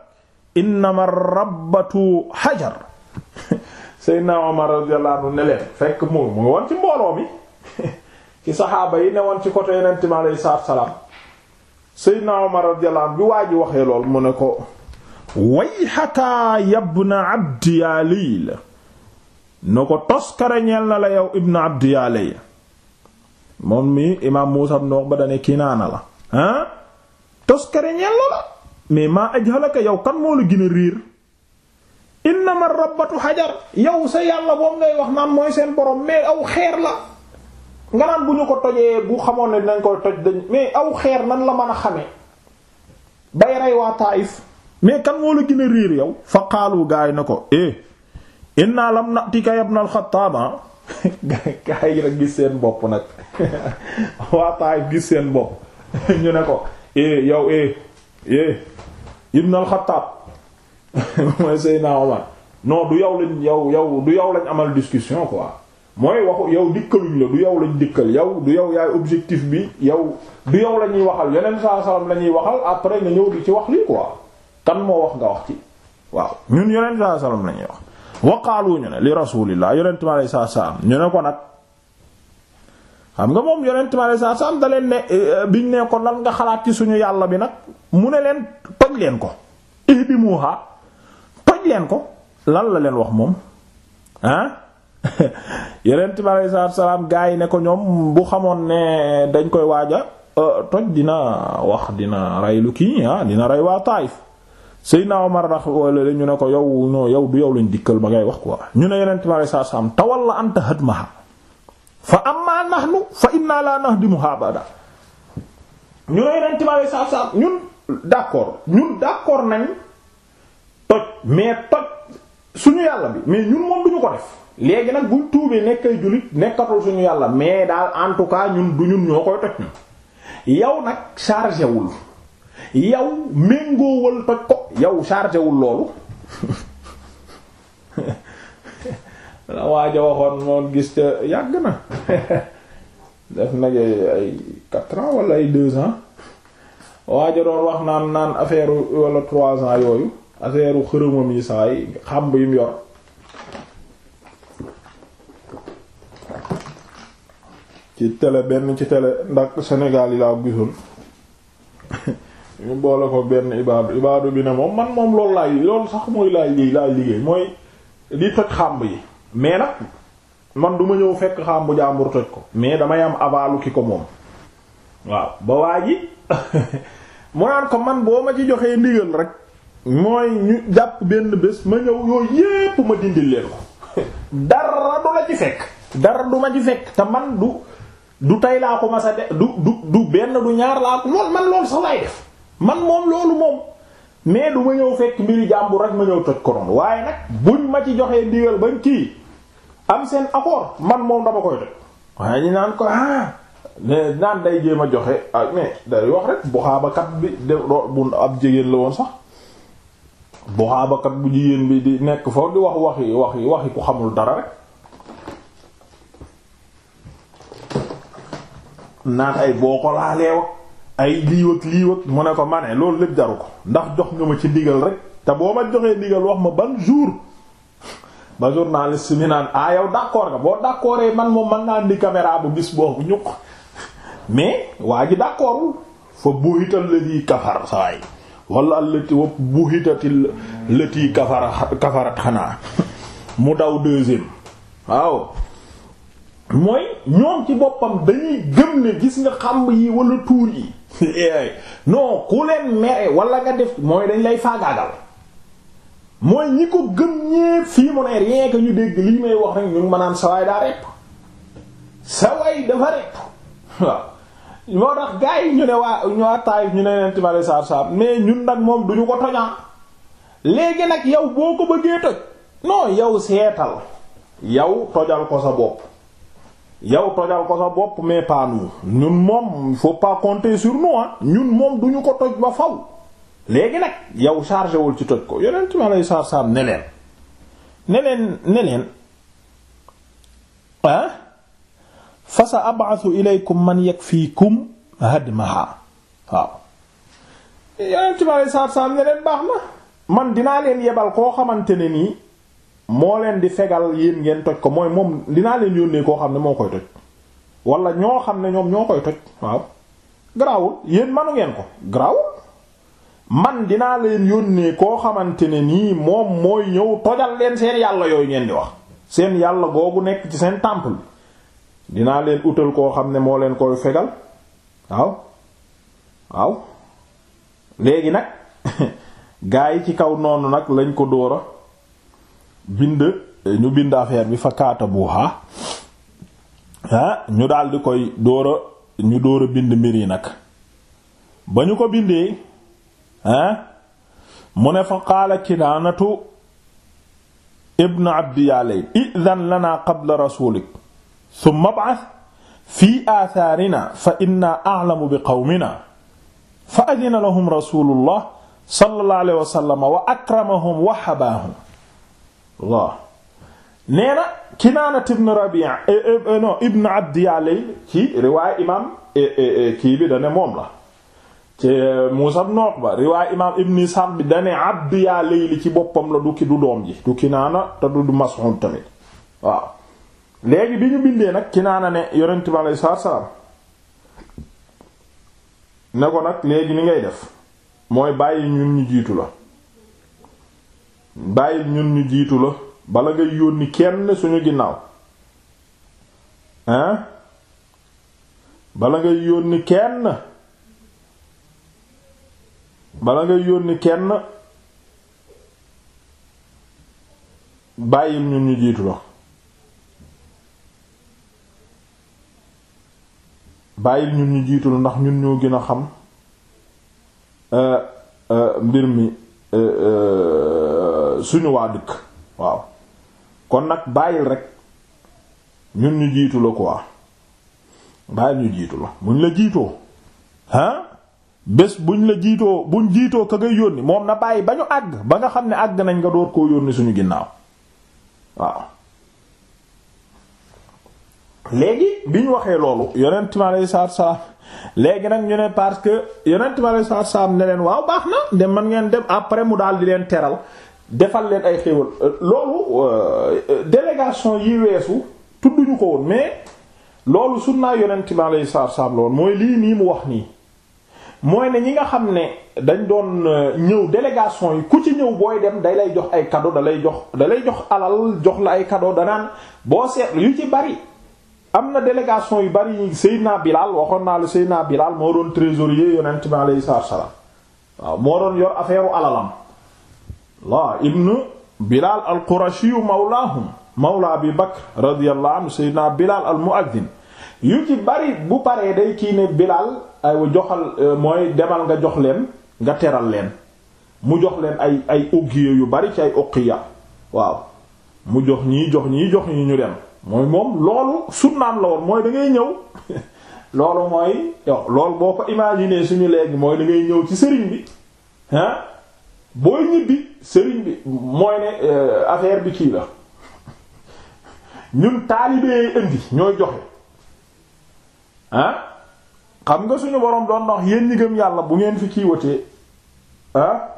innama rabbatu hajar Seydina Umar radiyallahu anhu ne fekk mu mu ngi woon ci mbooloo mi ci saxaaba yi ne woon ci côté Yonent mi alayhi salaatu salaam Seydina Umar radiyallahu anhu bi waa ji waxee lool mu ne ko wayxataa yabna abdi yaa lii la na ko toskare ñeel na la yow ibn abdi moom mi imaam muusa ibn Uqba dane kinaana la ah toskare ñeel na la mais maa ajhalaka yow kan moo la riir innama rabbatu xajar yow sa yàlla boobu ngay wax naan mooy seen borom mais aw xeer la nga naan bu ñu ko tojee bu xamoon ne dinañ koy toj dañ mais aw xeer nan la mën a xamee bay rey waa Taayif mais kan moo la gën a réer yow fa xaalu gaa yi na ko eh inna lam natika ibn al-Xattaab ah. gaa yi nag gis seen bopp nag waa Taayif gis seen bopp ñu ne ko eh yow eh eh ibn al-Xattaab mooy Seydina Omar non du yow lañ yow yow du yow lañ amal discussion quoi mooy waxu yow dikkaluñ la du yow lañ dikkal yow du yow yaay objectif bi yow du yow la ñuy waxal yeneen saa salaam la ñuy waxal après nga ñëw di ci wax lii quoi. kan moo wax nga wax ci waaw ñun yonent saa salaam lañuy wax waqaalu ñu ne li rasulillah yonent saa salaam ñu ne ko nag xam nga moom yonent ma lay saa salaam da leen ne eh, eh, biñ ne ko lan nga xalaat ci suñu yàlla bi nag mu ne leen toj leen ko ihdimuha toj leen ko lan la leen wax moom ah yonent ma lay salaam gaa yi ne ko ñoom bu xamoon ne dañ koy waaja eh, toj dina wax dina rey lu kii ah, dina rey waa Taayif Seydina Omar rax wala ñu ne ko yow non yow du yow lañ dikkal ba ngay wax quoi ñu ne yeneen tamit saa saam tawal la anta hadmaha fa amma nahnu fa inna la nahdimuha abada ñu ne yeneen tamit saa saam ñun d'accord ñun d'accord nañ toj mais toj suñu yàlla bi mais ñun moom duñu ko def. léegi nag buñ tuubee nekkay jullit nekkatul suñu yàlla mais daal en tout cas ñun du ñun ñoo koy toj ñun yow nag chargé wul. yow méngoowal toj ko yow chargé loolu waaja waxoon moom gis ca yàgg na def nag ay quatre ans ay deux ans waaja doon wax naan naan affaire wala trois ans yooyu affaire xërëmam yi saay xàmb yim yor ci télé benn ci télé ndax Sénégal yi laa gisoon ñu boole ko benn ibaadu ibaadu bi ne moom man moom loolu laay loolu sax mooy laay liy laay liggéey mooy di toj xàmb yi mais na man du ma ñëw fekk xàmbu jàmbur toj ko mais damay am avalu ki ko moom waaw ba waa ji mu naan ko man boo ma ci joxee ndigal rek mooy ñu jàpp benn bés ma ñëw yooyu yépp ma dindil leen ko dara du la ci fekk dara du ma ci fekk te man du du tey laa ko ma sa de du du du benn du ñaar laa ko lool man loolu sax laay def man moom loolu moom mais du ma ñëw fekk mbiri jàmbur rek ma ñëw toj ko waaye nag buñ ma ci joxee ndigal bañ kii am seen accord man moom dama koy toj waaye ñu naan ko ah mais naan day jéem a joxe ah mais day wax rek buxaabakat bi de bu ab jigéen la woon sax buxaabakat bu jigéen bi di nekk foofu di wax waxi waxi waxi ku xamul dara rek. naan ay boo ko laalee wax ay liiwag liiwag mu ne ko ma loolu lépp jaru ko ndax jox nga ma ci ndigal rek te boo ma joxee ndigal wax ma ban jour ba journaliste bi naan ah yow d'accord nga boo d'accordee man moom mën naa indi caméra bu bis boobu ñuq mais waa ji d'accordul fa buhital lati kafar sawaay wala allati wa buhitatil lati kafarat xanaa mu daw deuxième waaw mooy ñoom ci boppam dañuy gëm ne gis nga xamb yi wala tuur yi non ku leen mere wala nga def mooy dañ lay faagaagal mooy ñi ko gën ñépp fii mu ne rien ñu dégg lii may wax rek ñu manaan ma naan sawaay daa repp sawaay dafa repp moo tax gars yi ñu ne waa ñu waa Taayif ñu ne leen timale saab saab mais ñun nag moom duñu ko toñaa léegi nag yow boo ko bëggee toj non yow seetal yow tojal ko sa bopp yow tojal ko sa bopp mais pas nous ñun moom faut pas compter sur nous ñun moom du ñu ko toj ba faw léegi nag yow chargé wul ci toj ko yonent mi alayhi salaatu salaam ne leen ne leen man yakfiikum hadmaha waaw yonent mi alayhi salaatu salaam ne baax na man dinaa leen yebal koo xamante ne nii moo leen di fegal yéen ngeen toj ko mooy moom dinaa leen yónnee koo xam ne moo koy toj wala ñoo xam ne ñoom ñoo koy toj waaw garaawul yéen manu ngeen ko garaawul man dinaa leen yónnee koo xamante ne nii moom mooy ñëw tojal leen seen yàlla yooyu ngeen di wax seen yàlla googu nekk ci seen temple bi dinaa leen utal koo xam ne moo leen koy fegal waaw waaw léegi nag gaa yi ci kaw noonu nag lañ ko dóora bind ñu bind affaire bi fa kaata buuxa ñu daal di koy door ñu door bind mbir yi nag ba ñu ko bindee ah mu ne fa qaala kinaanatu ibn abdi yaa layl lana qabla rasulik thumma ab'ath fi athaarina fa inna a'lamu bi qawmina fa adina lahum rasulullah sallallahu alayhi wa sallam wa akramahum wa habaahum waaw nee na Kinaana ibn Rabi'a eh, eh, eh, ibn Abd Yalil ci riwaaya imaam kii bi da ne moom la ci Muusaa ibn Uqba riwaaya imaam Ibn Isxaaq bi da ne Abd Yalil ci boppam la du ki du doom ji du Kinaana te du Mas'uud tamit waaw léegi bi ñu bindee nag Kinaana ne Yonent bi alayhi salaatu salaam ne ko nag léegi ni ngay def mooy bàyyi ñun ñu jiitu la. bàyyil ñun ñu jiitu la bala nga yónni kenn suñu ginnaaw hein bala nga yónni kenn bala nga yónni kenn bàyyil ñun ñu jiitu la bàyyil ñun ñu jiitu la ndax ñun ñoo gën a xam euh, euh, mbir mi euh, suñu waa dëkk waaw kon nag bàyyil rek ñun ñu jiitu la quoi bàyyil ñu jiitu la buñ la jiitoo ah bés buñ la jiitoo buñ jiitoo ka ngay yónni moom na bàyyi ba ñu àgg ba nga xam ne àgg nañ nga door koo yónni suñu ginnaaw waaw léegi bi ñu waxee loolu yonent mi alayhi salaatu salaam léegi nag ñu ne parce que yonent mi alayhi salaatu salaam ne leen waaw baax na dem man ngeen dem après mu daal di leen teral defal leen ay xéewal euh, loolu euh, euh, délégation yi weesu tudduñu ko woon mais loolu sunnaa yonent bi alayhi salaatu wa salaam loolu mooy lii nii mu wax nii mooy ne ñi nga xam ne dañ doon ñëw délégation yi ku ci ñëw booy dem day lay jox ay kado da lay jox da lay jox alal jox la ay cadeau danaan boo seetlu yu ci bari am na délégation yu bari yi Seydina Bilal waxoon naa lu Seydina Bilal moo doon trésorier yonent bi alayhi salaatu wa salaam waaw moo doon yor affaire u alalam la ibnu bilal al qurashiyu mawlaahum mawla abi bakr radiyallahu anhu sayyidina bilal al muaddin yu ci bari bu paree day kii ne bilaal ay joxal euh, mooy demal nga jox leen nga teral leen mu jox leen ay ay ugiye yu bari ci ay uqiya waaw mu jox ñii jox ñii jox ñi ñu dem mooy moom loolu sunnaam la woon mooy da ngay ñëw loolu mooy lool loolu boo ko imaginer suñu léegi mooy da ngay ñëw ci sëriñ bi booy ñibbi sëriñ bi mooy ne euh, affaire bi kii la ñun taalibee indi ñooy joxe ah xam nga suñu borom doon wax yéen ñi yàlla bu ngeen fi kiiwatee ah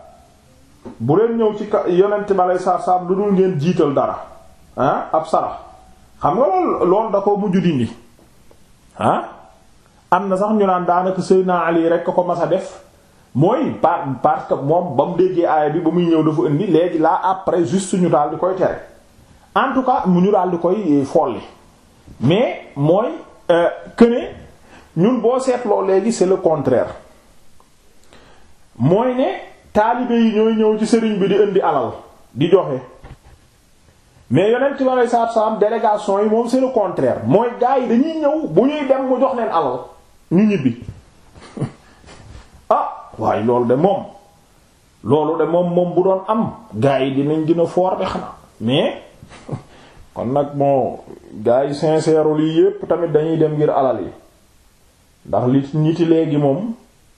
bu leen ñëw ci ka yonent ba saab saab lu dul ngeen jiital dara ah ab sarax xam nga loolu loolu da ko mujj dindi ah am na sax ñu naan daanaka naa Ali rek ko ko mas a def mooy par parce que moom ba mu déggee aaya bi ba muy ñëw dafa indi léegi là après juste ñu daal di koy tere en tout cas mu ñu daal di koy euh, folli mais mooy euh, que ñun boo seetloo léegi c'est le contraire mooy ne taalibe yi ñooy ñëw ci sëriñ bi di indi alal di joxe mais ci bi ne salatu salaam délégation yi moom c'est le contraire mooy gars yi dañuy ñëw bu ñuy dem mu jox leen alal ñu ñibbi ah, waaye loolu de moom loolu de moom moom bu doon am gaa yi dinañ gën a foor de xanaa mais kon nag moo gars yi sincère lii yépp tamit dañuy dem ngir alal yi ndax li niti léegi moom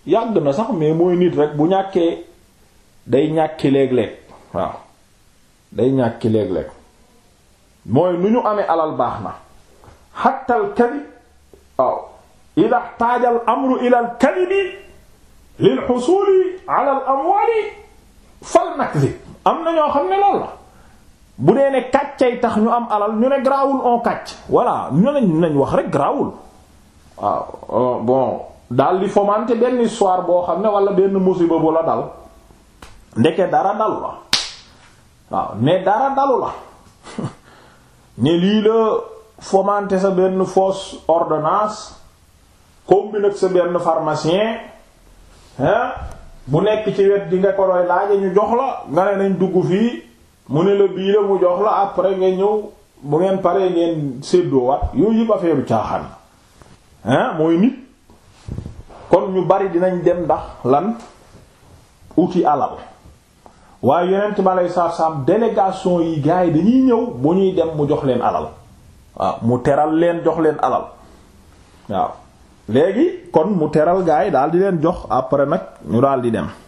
yàgg na sax mais mooy nit rek bu ñàkkee day ñàkki léeg-léeg waaw day ñàkki léeg-léeg mooy nu ñu amee alal baax na xattal kadib waaw ila taajal amru ilal kadibi lil xusuli ala al amwaali fal nakdib am na ñoo xam ne loolu la bu dee ne kàccay tax ñu am alal ñu ne grawul on kàcc voilà ñu ne nañ wax rek grawul waaw euh, bon daal di fomante benn histoire boo xam ne wala benn musiba bu la dal ndeke dara dalu la waaw mais dara dalu la ne lii la fomante sa benn fausse ordonnance combiné ak sa benn pharmacien ah bu nekk ci wet dinga nga ko doy laaja ñu jox la nga ne nañ dugg fii mu ne la bii mu jox la après ngay ñëw bu ngeen paree ngeen séddoo wat yooyu yëpp affaire caaxaan ah mooy nit kon ñu bari dinañ dem ndax lan uti alal waaye yonent ma lay sarsam délégation yi gars yi dañuy ñëw bu ñuy dem mu jox leen alal waaw mu teral leen jox leen alal waaw léegi kon mu teral gaay daal di leen jox après nag ñu daal di dem